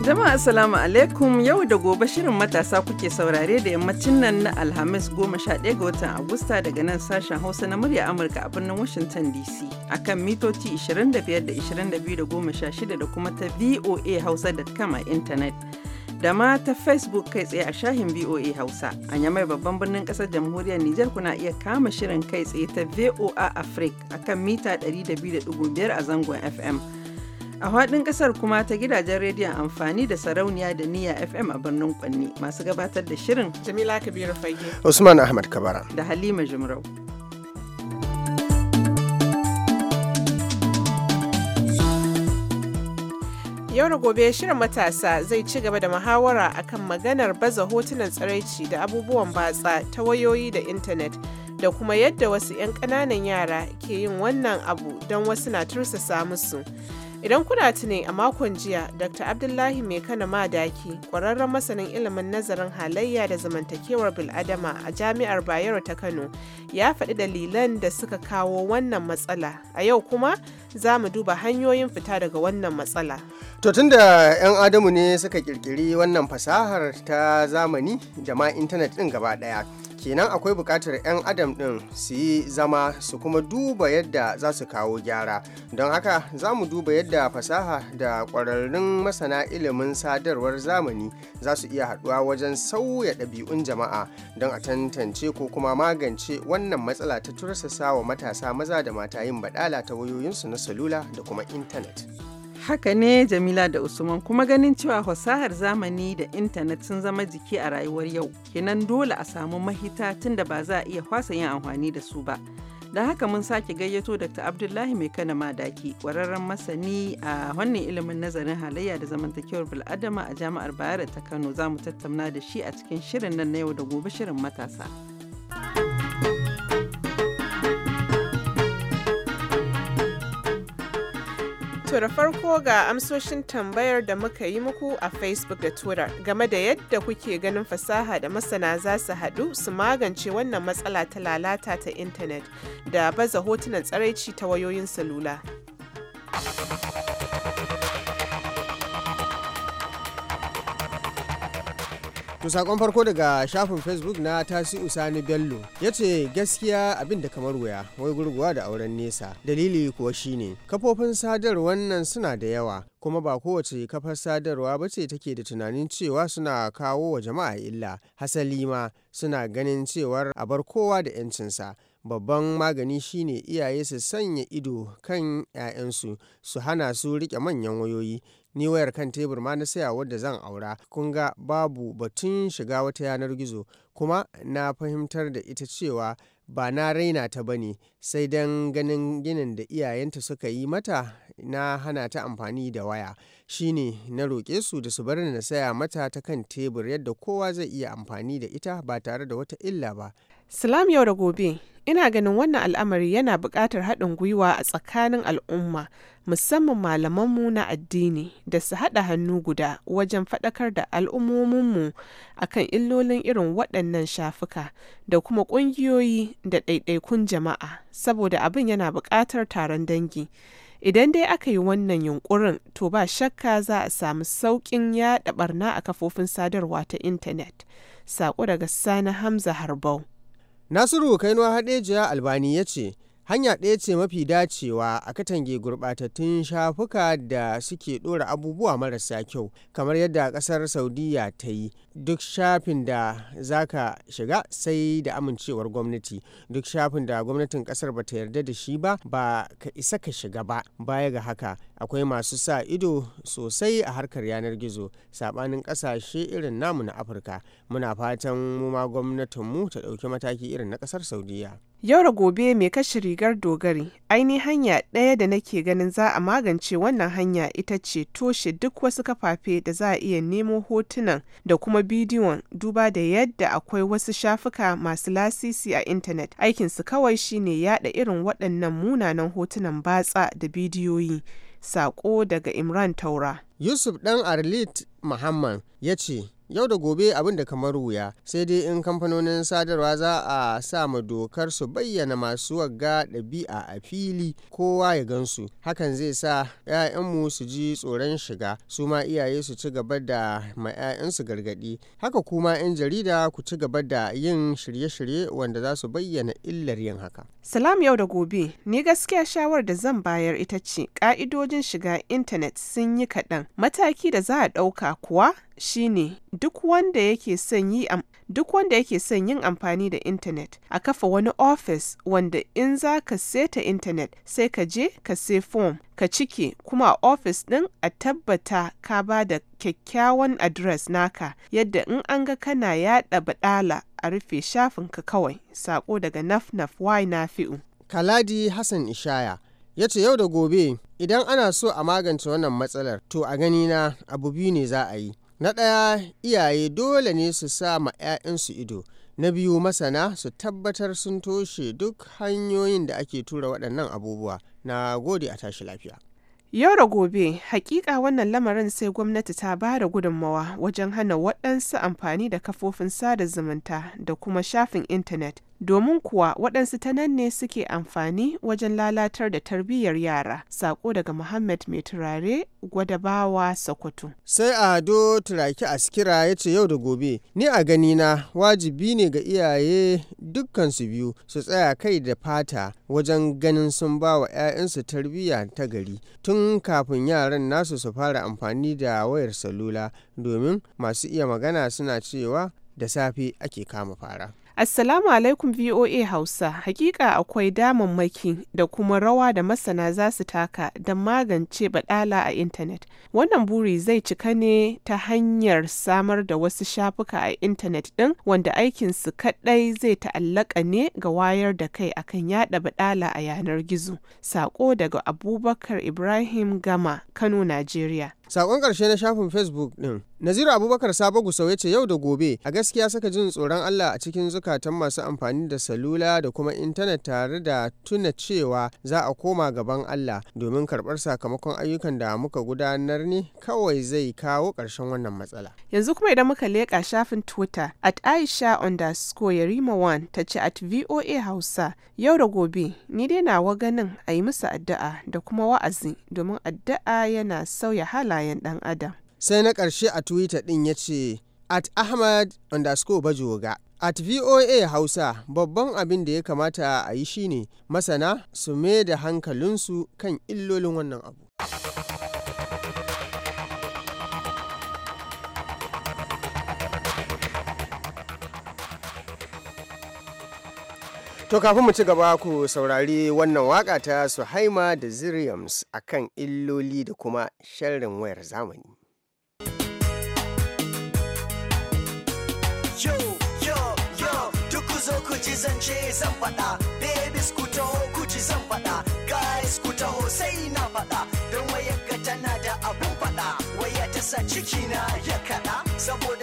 Jama'a Assalamu alaikum yau da gobe shirin matasa kuke saurare da yammacin nan na Alhamis 11 ga watan Agusta daga nan sashen Hausa na murya Amurka a birnin Washington DC akan mitoci 25 da 22 da 16 da kuma ta VOA Hausa.com a intanet. da ma ta Facebook kai tsaye a shahin VOA Hausa. A yamai babban birnin kasar jamhuriyar Nijar kuna iya kama shirin kai tsaye ta VOA Africa akan mita biyar a zangon FM. A faɗin ƙasar kuma ta gidajen rediyon amfani da sarauniya da niyya FM a birnin Kwanni masu gabatar da shirin. Jamila Kabiru Fage. Usman Ahmad Kabara. Da Halima jimrau Yau da gobe shirin matasa zai ci gaba da muhawara akan maganar baza hotunan tsaraici da abubuwan batsa ta wayoyi da intanet da kuma yadda wasu 'yan ƙananan yara ke yin wannan abu don wasu na tursasa musu. Idan kuna tuni a makon jiya, Dr. Abdullahi Mai ma Madaki, ƙwararren masanin ilimin nazarin halayya da zamantakewar bil'adama a Jami'ar Bayero ta Kano, ya faɗi dalilan da suka kawo wannan matsala. A yau kuma za mu duba hanyoyin fita daga wannan matsala. To tun da 'yan Adamu ne suka ƙirƙiri wannan fasahar ta zamani, jama'a intanet ɗin gaba ɗaya. kenan akwai bukatar 'yan adam ɗin su yi zama su kuma duba yadda za su kawo gyara don haka za mu duba yadda fasaha da ƙwararrun masana ilimin sadarwar zamani za su iya haɗuwa wajen sauya ɗabi'un jama'a don a tantance ko kuma magance wannan matsala ta tursasa wa matasa maza da mata yin baɗala ta wayoyinsu na salula da kuma intanet. Haka ne Jamila da Usman kuma ganin cewa fasahar zamani da intanet sun zama jiki a rayuwar yau, kenan dole a samu mahita da ba za a iya kwasa yin amfani da su ba. Da haka mun sake gayyato Dr. Abdullahi Mai Kana Madaki, ƙwararren masani a wannan ilimin nazarin halayya da zamantakewar bil'adama a Jami'ar Bayero ta Kano za mu tattauna da shi a cikin shirin nan na yau da gobe shirin matasa. To da farko ga amsoshin tambayar da muka yi muku a Facebook da Twitter game da yadda kuke ganin fasaha da masana za su haɗu su magance wannan matsala ta lalata ta intanet da baza hotunan tsaraici ta wayoyin salula. To sakon farko daga shafin Facebook na Tasi'u Sani Bello ya ce gaskiya abin da kamar wuya wai gurguwa da auren nesa dalili kuwa shine kafofin sadarwar nan suna da yawa kuma ba kowace kafar sadarwa ba ce take da tunanin cewa suna kawo wa jama'a illa hasali ma suna ganin cewar a bar kowa da 'yancinsa babban magani shine iyaye su sanya ido kan 'ya'yansu su hana su rike manyan wayoyi ni wayar kan tebur ma na saya wadda zan aura kun ga babu batun shiga wata yanar gizo kuma na fahimtar da ita cewa ba na raina ta bane sai don ganin ginin da iyayenta suka yi mata na hana ta amfani da waya shine na roƙe su da su bar na saya mata ta kan tebur yadda kowa zai iya amfani da ita ba tare da wata illa ba Salam yau da gobe, ina ganin wannan al'amari yana buƙatar haɗin gwiwa a tsakanin al'umma, musamman malamanmu na addini da su haɗa hannu guda wajen faɗakar da al'ummominmu a kan illolin irin waɗannan shafuka da kuma ƙungiyoyi da ɗaiɗaikun jama'a, saboda abin yana buƙatar taron dangi. Idan dai aka yi wannan yunƙurin to ba shakka za a samu sauƙin yaɗa ɓarna a kafofin sadarwa ta intanet. Saƙo daga Sani Hamza Harbau. nasiru Kaino haɗejiya albani ya ce hanya ɗaya ce mafi dacewa a katange gurɓatattun shafuka da suke ɗora abubuwa marasa kyau kamar yadda ƙasar saudiya ta yi duk shafin da zaka shiga sai da amincewar gwamnati duk shafin da gwamnatin ƙasar ba ta yarda da shi ba ba ka isa ka shiga ba baya ga haka akwai masu sa ido sosai a harkar yanar gizo sabanin kasashe irin namu na afirka muna fatan mu ma gwamnatinmu ta dauki mataki irin na kasar saudiya yau da gobe mai kashe rigar dogari aini hanya ɗaya da nake ganin za a magance wannan hanya ita ce toshe duk wasu kafafe da za a iya nemo hotunan da kuma bidiyon duba da yadda akwai wasu shafuka masu lasisi a intanet aikinsu kawai shine yada irin waɗannan munanan hotunan batsa da bidiyoyi Saƙo daga Imran Taura. Yusuf ɗan Arlit Muhammad ya ce, yau da gobe abin da kamar wuya sai dai in kamfanonin sadarwa za a sa ma dokar su bayyana masu wagga ɗabi'a a fili kowa ya gansu hakan zai sa 'ya'yanmu su ji tsoron shiga su ma iyaye su ci gaba da ma 'ya'yansu gargaɗi haka kuma 'yan jarida ku ci gaba da yin shirye-shirye wanda za su bayyana illar yin haka salam yau da gobe ni gaskiya shawar da zan bayar ita ce ka'idojin shiga intanet sun yi kaɗan mataki da za a ɗauka kuwa shine duk wanda yake son yi duk wanda yake son yin amfani da intanet a kafa wani ofis wanda in za ka seta intanet sai ka je ka sai fom ka cike kuma a ofis ɗin a tabbata ka ba da kyakkyawan adres naka yadda in an ga kana yaɗa baɗala a rufe shafin ka kawai sako daga naf-naf nafnaf y nafi'u kaladi hassan ishaya ya ce yau da gobe idan ana so a magance wannan matsalar to a ganina abu biyu ne za a yi Na ɗaya iyaye dole ne su sa ma 'ya'yansu ido, na biyu masana su tabbatar sun toshe duk hanyoyin da ake tura waɗannan abubuwa. Na gode a tashi lafiya. Yau da gobe, hakika wannan lamarin sai gwamnati ta ba da gudunmawa wajen hana waɗansu amfani da kafofin sada zumunta da kuma shafin intanet domin kuwa waɗansu ta nan ne suke amfani wajen lalatar da tarbiyyar yara sako daga muhammad mai turare gwadabawa sokoto sai ado turaki askira ya ce yau da gobe ni a ganina wajibi ne ga iyaye dukkansu biyu su tsaya kai da fata wajen ganin sun ba wa 'ya'yansu tarbiyya ta gari tun kafin yaran nasu su fara amfani da wayar salula domin masu iya magana suna cewa da safe ake kama fara Assalamu alaikum VOA Hausa, hakika akwai damammaki da kuma rawa da masana za su taka don magance baɗala a intanet. Wannan buri zai cika ne ta hanyar samar da wasu shafuka a intanet ɗin wanda aikinsu kaɗai zai ta'allaka ne ga wayar da kai akan yaɗa baɗala a yanar gizo. Sako daga Abubakar Ibrahim Gama, Kano, Najeriya. Sakon ƙarshe na shafin Facebook ɗin. Naziru Abubakar Sabo Gusau ya ce yau da gobe a gaskiya saka jin tsoron Allah a cikin zukatan masu amfani da salula da kuma intanet tare da tuna cewa za a koma gaban Allah domin karɓar sakamakon ayyukan da muka gudanar ne kawai zai kawo ƙarshen wannan matsala. Yanzu kuma idan muka leƙa shafin Twitter at Aisha underscore Yarima One ta ce at VOA Hausa yau da gobe ni dai nawa ganin a yi musu addu'a da kuma wa'azi domin addu'a yana sauya halaye halayen ɗan adam sai na ƙarshe a twitter ɗin ya ce at ahmad underscore bajoga at voa hausa babban abin da ya kamata a yi shine masana su mai da hankalinsu kan illolin wannan abu To kafin mu ci gaba ku saurari wannan waka ta Suhaima da Ziriams akan illoli da kuma sharrin wayar zamani. Yo, yo, yo, duk ku zo ku ji zance zan faɗa, babies ku taho ku ji zan faɗa, guys ku taho sai na faɗa, don wayar tana da abin faɗa, waya ta sa ciki na ya kaɗa, saboda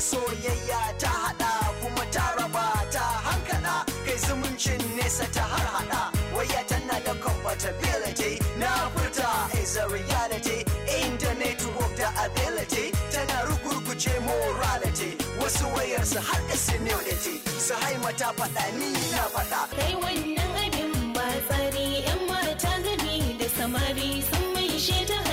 soyayya ta hada kuma ta raba ta hankala kai zumuncin nesa ta har hada waya tana da compatibility na furta is a reality internet of da ability tana rugurguce morality wasu wayarsu har da senility su haima ta faɗa ni na fada. kai wannan abin ba tsari yan mata gami da samari sun mai sheta.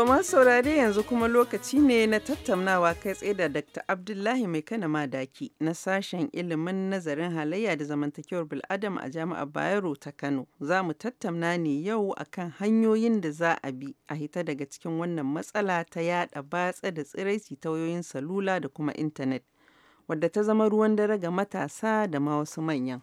To masu saurare yanzu kuma lokaci ne na tattaunawa kai tsaye da Dr. Abdullahi Mai Kana Madaki na sashen ilimin nazarin halayya da zamantakewar bil'adam a Jami'ar Bayero ta Kano. Za mu tattauna ne yau akan hanyoyin da za a bi a hita daga cikin wannan matsala ta yada batsa da tsiraici ta wayoyin salula da kuma intanet wadda ta zama ruwan dare ga matasa da ma wasu manyan.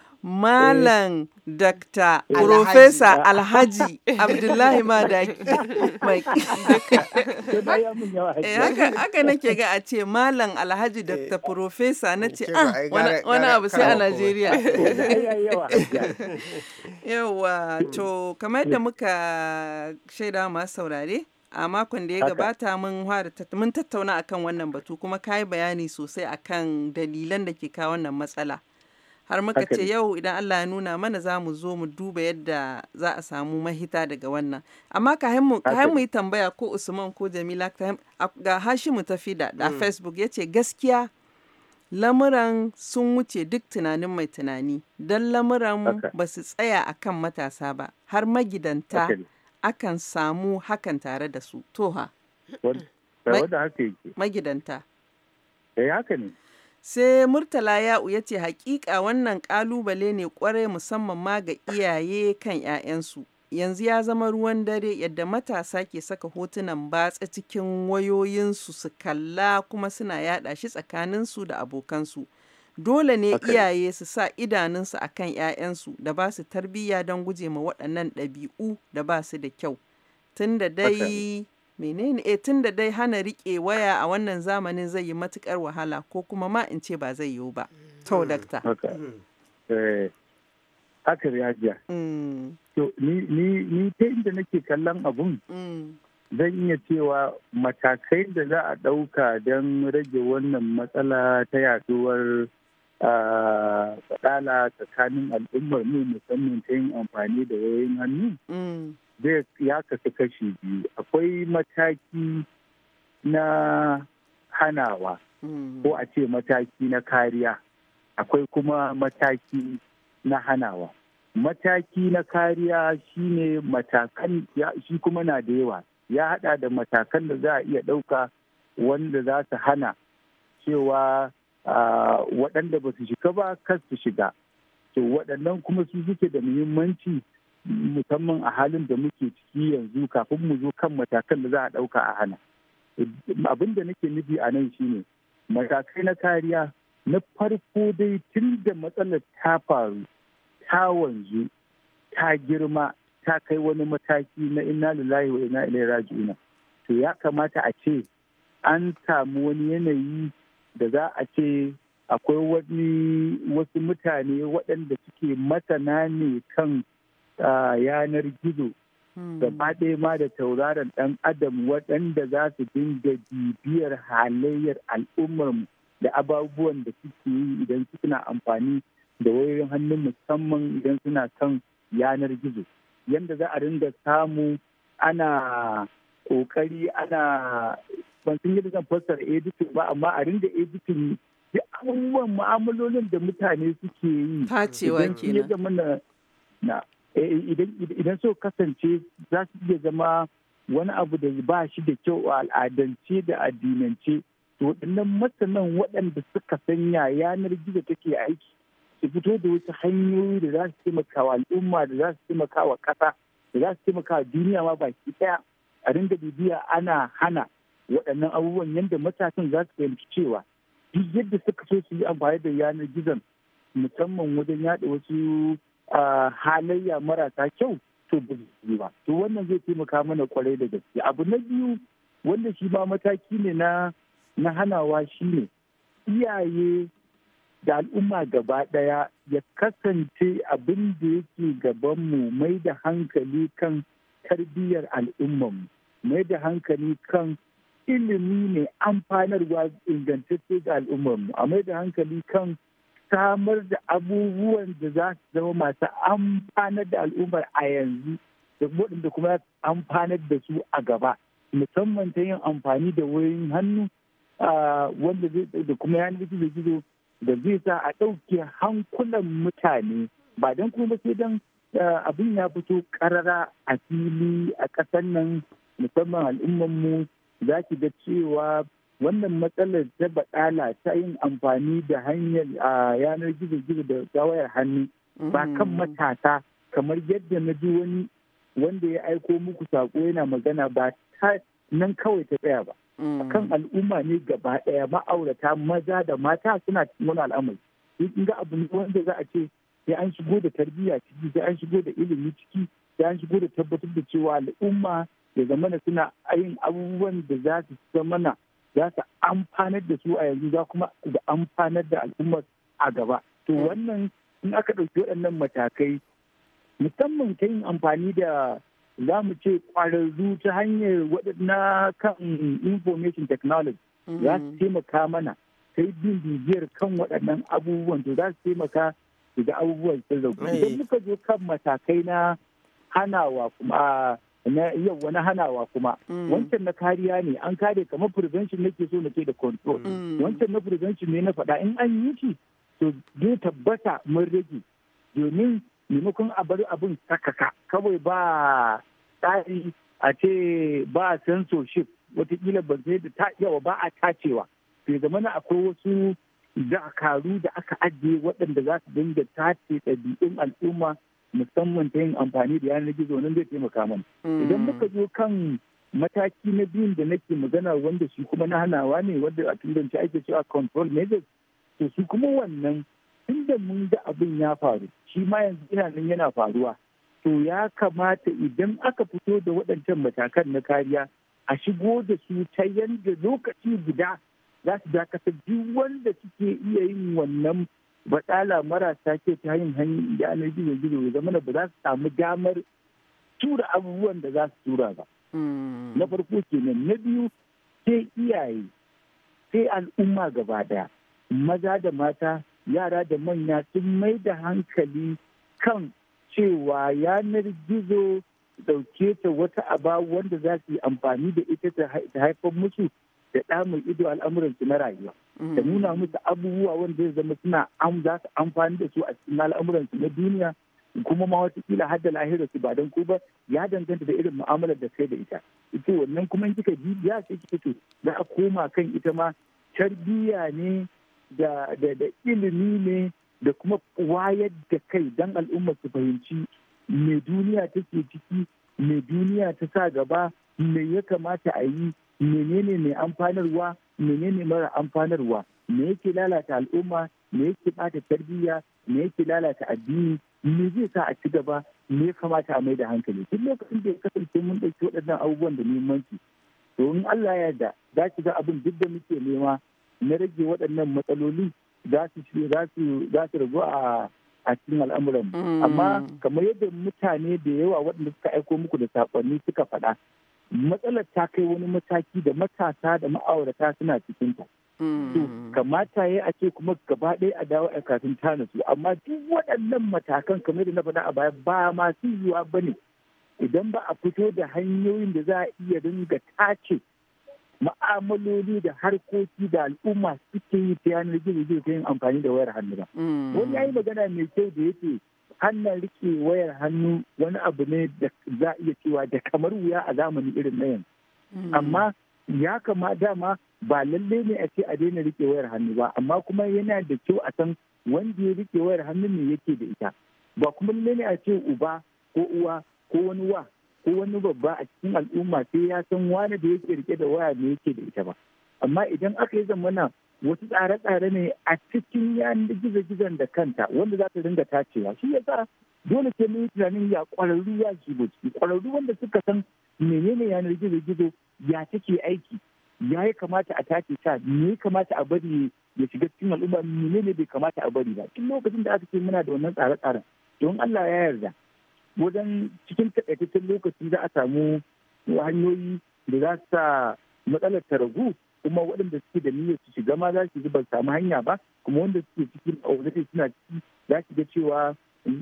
Malam Dr. Eh, Profesa eh. Alhaji Abdullahi Madaki. Eh, haka nake ga a ce Malam Alhaji Dr. Profesa na ce ah, wani abu sai a Najeriya. Yawa to kamar da muka shaida masu saurare. a makon da ya gabata mun tattauna akan wannan batu kuma ka yi bayani sosai akan dalilan da ke kawo wannan matsala. har muka ce yau idan Allah ya nuna mana za mu zo mu duba yadda za a samu mahita daga wannan amma ka mu yi tambaya ko Usman ko Jamila ga Hashimu tafi da a mm. Facebook ya gaskiya lamuran sun wuce duk tunanin mai tunani don lamuran ba su tsaya akan matasa ba har magidanta akan samu hakan tare da su toha magidanta eh, ne Sai Murtala Ya'u ya ce hakika wannan kalubale ne kwarai musamman ma ga iyaye kan 'ya'yansu. Yanzu ya zama ruwan dare yadda matasa ke saka hotunan batsa cikin wayoyinsu su kalla kuma suna yada shi tsakaninsu da abokansu. Dole ne iyaye su sa idanunsu a kan 'ya'yansu da ba su tarbiyya don guje ma waɗannan ɗabi'u da ba su da kyau. Tunda dai menene eh tun da dai hana riƙe waya a wannan zamanin zai yi matukar wahala ko kuma ma in ce ba zai yiwu ba to hmm. dakta hmm. haka rajiya hmm. eh, to ni ta inda nake kallon abun zan iya cewa matakai da za a ɗauka don rage wannan matsala ta yaduwar ah, faɗala tsakanin al'ummar mu musamman ta yin amfani da wayoyin hannu zai ya kasu kashi biyu akwai mataki na hanawa ko mm. a ce mataki na kariya akwai kuma mataki na hanawa mataki na kariya shine matakan shi kuma na da yawa ya hada da matakan da za a iya dauka wanda za su hana cewa waɗanda ba su shiga ba kar su shiga to waɗannan kuma su suke da muhimmanci musamman a halin da muke ciki yanzu kafin mu zo kan matakan da za a ɗauka a hana abin da nake nufi a nan shine matakai na kariya na farko dai tun da matsalar ta faru ta wanzu ta girma ta kai wani mataki na inna lillahi wa inna ilaihi raji'un to ya kamata a ce an samu wani yanayi da za a ce akwai wasu mutane waɗanda suke masana ne kan yanar gizo hmm. gaba ɗaya ma da tauraron ɗan adam waɗanda za su dinga bibiyar halayyar al'ummarmu da ababuwan da suke yi idan suna amfani da wayoyin hannun musamman idan suna kan yanar gizo yadda za a ringa samu ana ƙoƙari ana ban sun yi da zan fassara editin ba amma a ringa editin duk abubuwan mu'amalolin da mutane suke yi. Facewa kenan. Na. Eh, idan so kasance za su iya zama wani abu da ba shi da kyau a al'adance da addinance to waɗannan masanan waɗanda suka sanya yanar gizo take aiki su fito da wasu hanyoyi da za su taimaka wa al'umma da za su taimaka wa ƙasa da za su taimaka wa duniya ma baki ɗaya a ringa bibiya ana hana waɗannan abubuwan yadda matasan za su fahimci cewa duk yadda suka so su yi amfani da yanar gizon musamman wajen yaɗa wasu halayya marasa kyau to ba ba to wannan zai taimaka mana kwarai da gaske abu na biyu wanda shi ba mataki ne na na hanawa ne. iyaye da al'umma gaba ɗaya ya kasance abin da yake gabanmu mai da hankali kan tarbiyyar mu. mai da hankali kan ilimi ne amfanarwa ingantacce ga al'ummarmu a mai da hankali kan samar da abubuwan da za su zama masu amfanar da al'ummar a yanzu da waɗanda kuma za amfanar da su a gaba musamman ta yin amfani da wurin hannu wanda da kuma yanar gizo gizo da zai sa a ɗauke hankulan mutane ba don kuma sai don abin ya fito karara a fili a ƙasar nan musamman al'ummar mu za ki ga cewa wannan matsalar ta baɗala ta yin amfani da hanyar yanar gizo-gizo da wayar hannu ba mm-hmm. kan matasa kamar yadda na ji wani wanda ya aiko muku saƙo yana magana ba ta nan kawai ta tsaya ba kan mm. al'umma ne gaba ɗaya ma'aurata maza da mata suna cikin wani al'amari in ga abu wanda za a ce sai an shigo da tarbiyya ciki sai an shigo da ilimi ciki sai an shigo da tabbatar da cewa al'umma ya zamana suna yin abubuwan da za su zamana za ta amfanar da su a yanzu za kuma da amfanar da al'umma a gaba to mm. wannan in aka ɗauki waɗannan matakai musamman ta yin amfani da za mu ce ƙwararru ta hanyar waɗanda kan information technology mm-hmm. za su taimaka mana ta yi bin bibiyar kan waɗannan abubuwan to za su taimaka da abubuwan sun idan muka zo kan matakai na hanawa kuma na yau wani hanawa kuma mm. wancan na kariya ne an kare kamar prevention nake so na nake da control mm. wancan na prevention ne na faɗa in an yi shi to je tabbata mun rage domin maimakon a bar abin sakaka kawai ba tsari a ce ba censorship watakila ba zai da ta yawa ba a tacewa to zamana akwai wasu dakaru da aka ajiye waɗanda za su dinga tace ɗabi'un al'umma musamman ta yin amfani da yanar gizo nan zai taimaka mana hmm. idan muka zo kan mataki na biyun da nake magana wanda shi kuma na hanawa ne wanda a turanci ake cewa control measures to su kuma wannan inda mun ga abin ya faru shi ma yanzu ina nan yana faruwa to ya kamata idan aka fito da waɗancan matakan na kariya a shigo da su ta yanda lokaci guda za su dakatar duk wanda suke iya yin wannan batsala marasa ke ta yin hanyar yanar gizo gizo ya zama ba za su samu damar tura abubuwan da za su tura ba. Hmm. Na farko kenan na biyu sai iyaye sai al'umma gaba daya maza da mata yara da manya sun mai da hankali kan cewa yanar gizo dauke ta wata aba wanda za su yi amfani da ita ta haifar musu da ɗa mai ido al'amuransu na rayuwa. Mm. da nuna musu abubuwa wanda zai zama suna za su amfani da su a cikin al'amuransu na duniya kuma ma watakila har da lahirar su ba don ko ba ya danganta da irin mu'amalar da kai da ita ita wannan kuma in kika bibiya sai kika to za a koma kan ita ma tarbiyya ne da da ilimi ne da kuma wayar da kai dan al'ummar su fahimci me duniya take ciki me duniya ta sa gaba me ya kamata a yi menene mai amfanarwa menene mara amfanarwa me yake lalata al'umma me yake bata tarbiyya me yake lalata addini me zai sa a ci gaba me ya kamata a mai da hankali duk lokacin da ya kasance mun ɗauki waɗannan abubuwan da muhimmanci to in Allah ya yarda za ki ga abin duk da muke nema na rage waɗannan matsaloli za su za su ragu a a cikin al'amuran mm. amma kamar yadda mutane da yawa waɗanda suka aiko muku da saƙonni suka faɗa matsalar ta kai wani mataki da matasa da ma'aurata suna cikin hmm. To kamata ya a ce kuma gaba ɗaya a dawo a kafin ta nasu amma duk waɗannan matakan kamar da na faɗa a baya ba masu yiwuwa ba ne idan ba a fito da hanyoyin da za a iya dinga tace ma'amaloli da harkoki da al'umma suke yi ta yanar gizo gizo ta yin amfani da wayar hannu ba. Hmm. Wani ya yi magana mai kyau da yake hannun rike wayar hannu wani abu ne da za a iya cewa da kamar wuya a zamani irin na yanzu hmm. amma ya kama dama ba lalle ne a ce a daina rike wayar hannu ba amma kuma yana da kyau a san wanda ya rike wayar hannu ne yake da ita ba kuma lalle ne a ce uba ko uwa ko wani wa ko wani babba a cikin al'umma sai ya san wani da yake rike da waya ne yake da ita ba amma idan aka yi zamana wasu tsare-tsare ne a cikin yanar gizo-gizon da kanta wanda za ta dinga tacewa shi yasa dole sai mun tunanin ya kwararru ya shigo ciki kwararru wanda suka san menene yanar gizo-gizo ya take aiki ya yi kamata a tace ta me ya kamata a bari ya shiga cikin al'umma menene bai kamata a bari ba tun lokacin da aka ce muna da wannan tsare-tsaren don Allah ya yarda wajen cikin takaitaccen lokaci za a samu hanyoyi da za su sa matsalar ta ragu kuma waɗanda suke da niyyar su shiga ma za su ba su samu hanya ba kuma wanda suke cikin already suna ciki za su ga cewa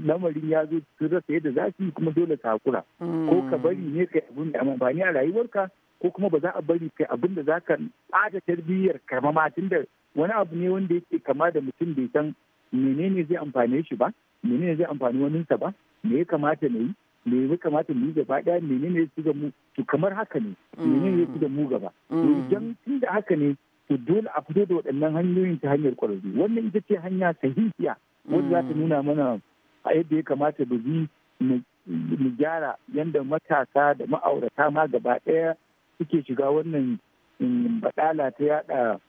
lamarin ya zo sun rasa yadda za su yi kuma dole ka hakura ko ka hmm. bari ne kai abin da amfani a rayuwarka ko kuma ba za a bari kai abin da za ka ɓata tarbiyyar kama ma da wani abu ne wanda yake kama da mutum bai san menene zai amfane shi ba menene zai amfani waninsa ba me ya kamata na yi me ya kamata mu yi gaba daya menene ya ga mu to kamar haka ne mm. menene ya mu gaba mm. idan tun da haka ne to dole a fito da waɗannan hanyoyin ta hanyar kwararru. wannan ita ce hanya sahihiya wanda za ta mm. nuna mana a yadda ya kamata da bi mu gyara yanda matasa da ma'aurata ma gaba ɗaya suke shiga wannan baɗala ta yaɗa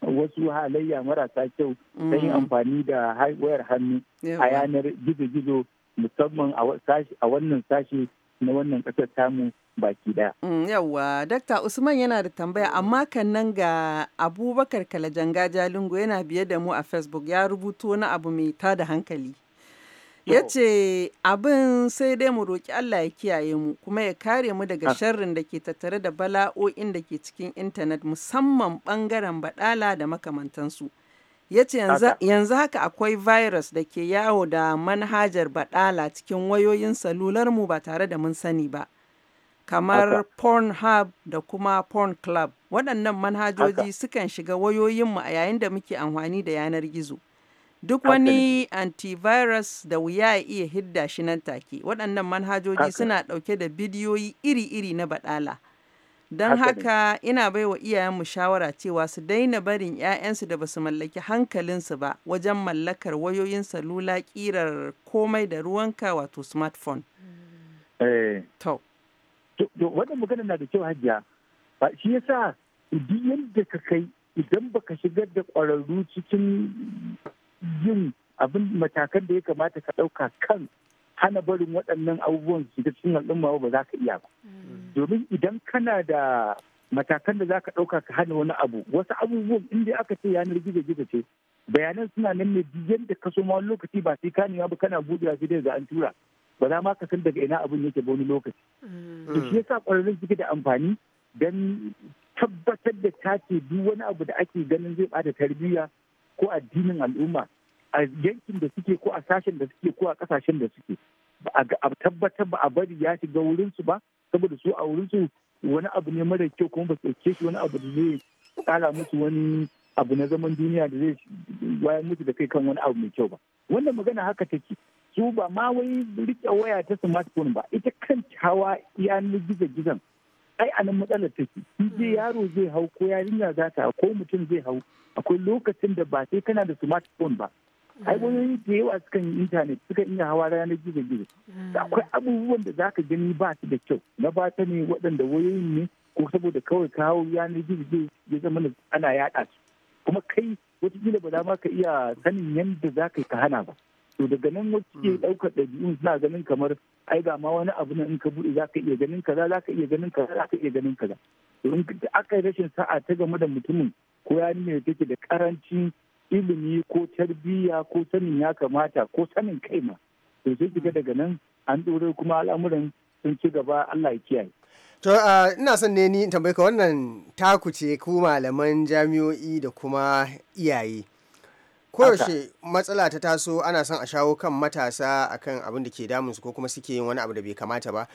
wasu halayya marasa kyau ta yin amfani da wayar hannu a yanar gizo-gizo musamman a wannan sashi na wannan ƙasar tamu baki ɗaya. Mm, Yawwa, dokta Usman yana da tambaya amma kan nan ga Abubakar Gaja Jalingo yana biye da mu a Facebook ya rubuto na abu mai tada hankali. ya ce abin sai dai mu roƙi Allah ya kiyaye mu kuma ya kare mu daga ah. sharrin da ke tattare da bala'o'in da ke cikin intanet musamman ɓangaren baɗala da makamantansu. ya ce yanzu haka akwai virus da ke yawo da manhajar baɗala cikin wayoyin salularmu ba tare da mun sani ba kamar pornhub da kuma porn club waɗannan manhajoji sukan shiga wayoyinmu a yayin da muke amfani da yanar gizo duk wani antivirus da wuya ya iya hidda shi nan take waɗannan manhajoji suna ɗauke da bidiyoyi iri-iri na baɗala. Don haka ina bai wa iyayenmu shawara cewa su daina barin 'ya'yansu da basu mallaki hankalinsu ba wajen mallakar wayoyin salula kirar komai da ruwanka wato smartphone. Eh. To. Wannan magana na da kyau hajiya. Shi yasa duk yadda ka kai idan baka shigar da ƙwararru cikin yin abin matakan da ya kamata ka ɗauka kan hana barin waɗannan abubuwan su cikin al'umma ba za ka iya ba mm. domin idan kana da matakan da za ka ɗauka ka hana wani abu wasu abubuwan inda aka ce yanar gizo gizo ce bayanan suna nan ne yadda ka soma wani lokaci ba sai ka ba kana buɗewa a dai ga an tura ba za ma ka san daga ina abin yake ba wani lokaci mm. to shi yasa ƙwararrun suke da amfani don tabbatar da tace duk wani abu da ake ganin zai bada tarbiyya ko addinin al'umma a yankin da suke ko a sashen da suke ko a kasashen da suke ba a tabbatar ba a bari ya shiga wurinsu ba saboda su a wurinsu wani abu ne mara kyau kuma ba sauke shi wani abu da zai kara musu wani abu na zaman duniya da zai wayar musu da kai kan wani abu mai kyau ba wannan magana haka take su ba ma wai rike waya ta smartphone ba ita kan hawa ya yanar gizo gizon ai a nan matsalar take in dai hmm. yaro zai hau ko yarinya za ta ko mutum zai hau akwai lokacin da ba sai kana da smartphone ba aiboyoyi da yawa sukan yi intanet sukan iya hawa yanar gizo gizo mm. akwai abubuwan da zaka gani ba su da kyau na bata ne waɗanda wayoyin ne ko saboda kawai kawo yanar gizo gizo ya zama na ana yaɗa su kuma kai wataƙila ba dama ka iya sanin yadda za ka yi ka hana ba to daga nan wasu ke mm. ɗaukar ɗabi'un suna ganin kamar ai ga ma wani abu na in ka buɗe za ka iya ganin kaza za ka iya ganin kaza za ka iya ganin kaza to aka yi rashin sa'a ta game da mutumin ko ya nuna take da karancin ilimi ko tarbiyya ko sanin ya kamata ko sanin kai ma to sai shiga daga nan an dore kuma al'amuran sun ci gaba Allah ya kiyaye to ina son ne ni tambayi ka wannan taku ce ku malaman jami'o'i da kuma iyaye koyaushe matsala ta taso ana son a shawo kan matasa akan abin da ke damunsu ko kuma suke yin wani abu da bai kamata ba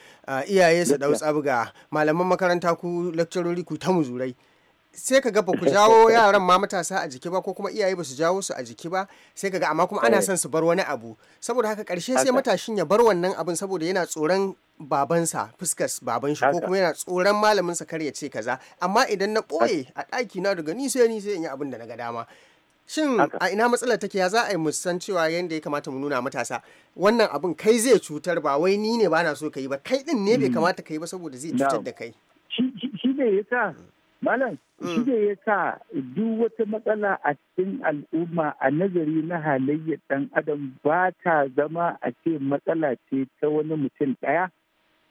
iyaye su dau tsabga malaman makaranta ku lakcarori ku ta muzurai sai ka ga ba ku jawo yaran ma matasa a jiki ba ko kuma iyaye ba su jawo su a jiki ba sai ka ga amma kuma ana eh. son su bar wani abu saboda haka karshe sai matashin ya bar wannan abin saboda yana tsoron babansa fuskas baban shi ko kuma yana tsoron malamin sa kar ya ce kaza amma idan na ɓoye a ɗaki na daga ni sai ni sai in yi abin da na ga dama shin a ina matsalar take ya za a yi mu cewa yadda ya kamata mu nuna matasa wannan abin kai zai cutar ba wai ni ne ba na so ka yi ba kai din ne bai mm. kamata ka yi ba saboda zai cutar da kai shi ne yasa mm. malam mm. shi ne ya sa duk wata matsala a cikin al'umma a nazari na halayya ɗan adam ba ta zama a ce matsala ce ta wani mutum ɗaya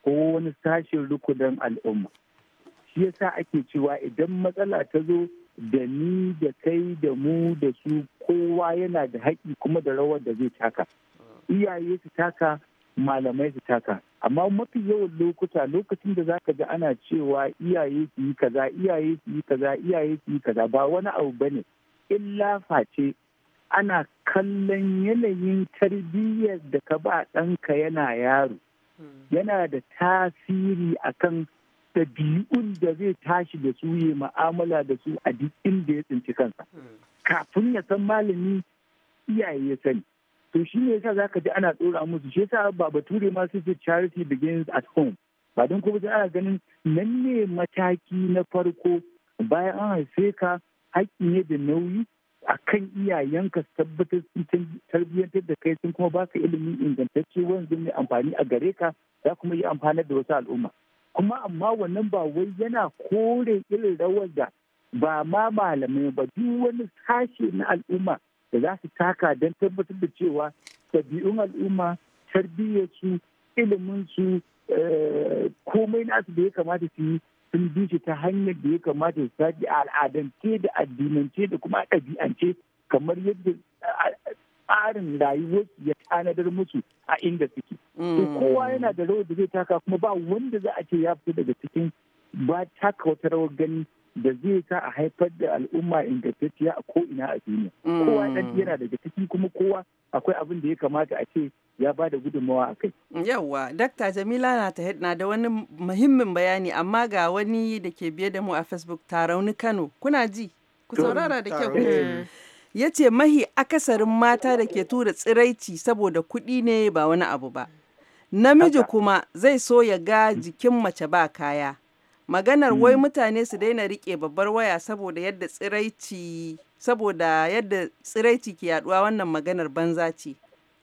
ko wani sashen rukunin al'umma shi ya sa ake cewa idan matsala ta zo da ni da kai da mu da su kowa yana da haƙƙi kuma da rawar da zai taka mm. iyaye su taka malamai su taka amma mafi yawan lokuta lokacin da zaka ji ana cewa iyaye su yi kaza iyaye su yi kaza iyaye su yi kaza ba wani abu bane illa face ana kallon yanayin tarbiyyar da ka ba ɗanka yana yaro yana da tasiri akan dabi'un da zai tashi da su ya ma'amala da su a duk inda ya tsinci kansa hmm. kafin ya san malami iyaye ya sani to shi ne yasa zaka ji ana a musu shi yasa ba bature ma su charity begins at home ba don kuma sai ana ganin nan ne mataki na farko bayan an haife ka haƙƙi ne da nauyi a kan iyayenka su tabbatar sun tarbiyyantar da kai sun kuma baka ilimin ingantacce wanda mai amfani a gare ka za kuma yi amfanar da wasu al'umma kuma amma wannan ba wai yana kore irin rawar da ba ma malamai ba duk wani sashe na al'umma da za su taka don tabbatar da cewa ɗabi'un al'umma tarbiyyarsu iliminsu eh, komai nasu da ya kamata su yi sun bi shi ta hanyar da ya kamata su sake a al'adance da addinance da kuma ɗabi'ance kamar yadda tsarin rayuwarsu ya tanadar musu a inda suke. To mm. kowa yana da rawar da zai taka kuma ba wanda za a ce ya fito daga cikin ba taka wata rawar gani da zai sa a haifar da al'umma ingantacciya a ko'ina a duniya mm. kowa ɗan yana daga ciki kuma kowa akwai abin da ya kamata a ce ya ba da gudunmawa a kai. Yawwa, Dakta Jamila na ta na da wani muhimmin bayani amma ga wani da ke biye da mu a Facebook Tarauni Kano. Kuna ji? Ku saurara da kyau. Ya ce mahi akasarin mata da ke tura tsiraici saboda kuɗi ne ba wani abu ba. Namiji kuma zai so ya ga jikin mace ba kaya. maganar wai mm. mutane su daina rike babbar waya saboda yadda tsiraici saboda yadda tsiraici ke yaduwa wannan maganar banza ce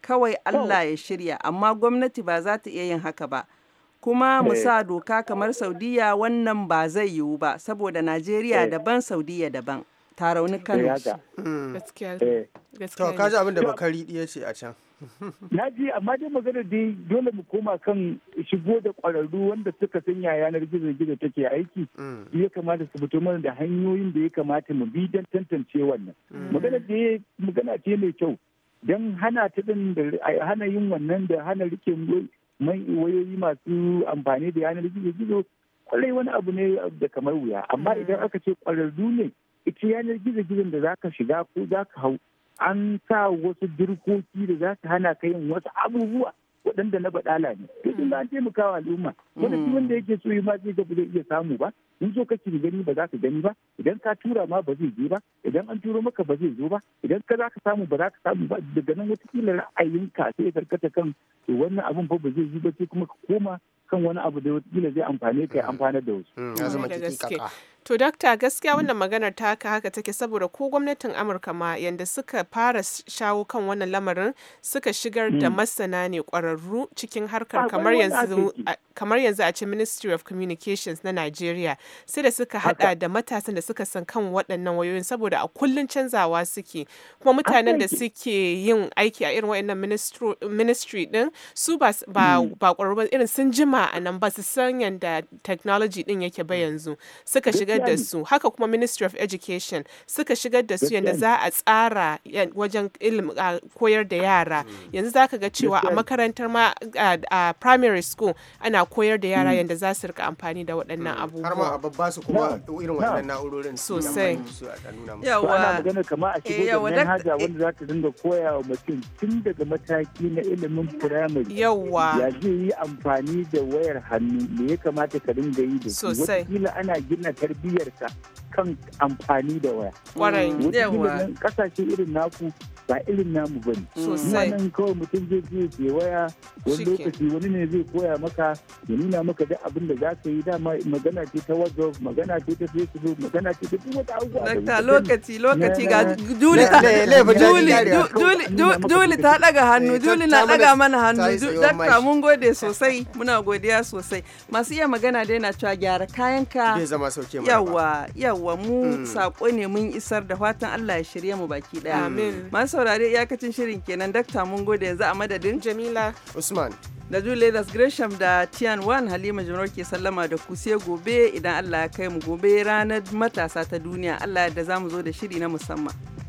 kawai Allah oh. ya shirya amma gwamnati ba za ta iya yin haka ba kuma mu eh. sa doka kamar Saudiya wannan ba zai yiwu ba saboda Najeriya eh. daban Saudiya daban ta raunukan eh, mm. gaskiya gaskiya to kaji abin da Bakari ce a can na ji amma dai magana dai dole mu koma kan shigo da kwararru wanda suka sanya yanar gizo gizo take aiki mm. ya kamata su fito mana da hanyoyin da ya kamata mu bi don tantance wannan mm. magana da magana ce mai kyau don hana ta din da hana yin wannan da hana rike wayoyi masu amfani da yanar gizo gizo kwarai wani abu ne da kamar wuya amma mm. idan aka ce kwararru ne ita yanar gizo gizon da zaka shiga ko zaka hau an sa wasu dirkoki da za su hana ka yin wasu abubuwa waɗanda na baɗala ne ko in ba an taimakawa al'umma Wani duk wanda yake so yi ma zai ga ba zai iya samu ba in zo ka kake gani ba za ka gani ba idan ka tura ma ba zai je ba idan an turo maka ba zai zo ba idan ka za ka samu ba za ka samu ba daga nan watakila ra'ayinka sai ya karkata kan wannan abun ba zai yi ba sai kuma ka koma kan wani abu da wata zai amfane ka ya mm. amfanar da wasu. Mm. Mm. To dokta gaskiya wannan maganar ta haka haka take saboda ko gwamnatin Amurka ma yanda suka fara shawo kan wannan lamarin suka shigar da masana ne kwararru cikin harkar kamar yanzu a ce Ministry of Communications na Nigeria sai da suka hada da matasan da suka san kan waɗannan wayoyin saboda a kullun canzawa suke kuma mutanen da suke yin aiki a irin waɗannan ministry din su ba ba, ba irin sun jima jima a nan ba su san yadda technology din yake ba yanzu suka shigar da su haka kuma ministry of education suka shigar da su yadda za a tsara wajen koyar da yara mm. yanzu za ka ga cewa a makarantar ma a primary school ana koyar da yara mm. yadda za su rika amfani da waɗannan abubuwa mm. har ma a babba su kuma irin waɗannan na'urorin sosai yawa ana magana kamar a shigo eh, da manhaja eh wanda za ta dinga koya wa mutum tun daga mataki na ilimin primary yawa ya zai yi amfani da wayar hannu me ya kamata ka dinga yi da shi wataƙila ana gina tarbiyyarsa kan amfani da waya. Kwarai, yawa. Kasashe irin naku ba ilin namu ba ne. Sosai. nan kawai mutum zai je ke waya wani lokaci wani ne zai koya maka ya nuna maka da abin da za ka yi dama magana ce ta wajen magana ce ta Facebook magana ce ta duk wata abubuwa. Dakta lokaci lokaci ga Juli ta Juli ta daga hannu eh, Juli na daga mana hannu Dakta mun gode sosai muna godiya sosai masu iya magana dai na cewa gyara kayanka. ka zama sauke Yawwa yawwa mu hmm. sako ne mun isar da fatan Allah ya shirye mu baki daya. Amin. Masu saurari iyakacin shirin kenan dakta mun gode yanzu a madadin Jamila Usman da julelas Gresham da Tian Wan Halima Jumar ke sallama da ku sai gobe idan Allah ya kai mu gobe ranar matasa ta duniya Allah da zamu zo da shiri na musamman.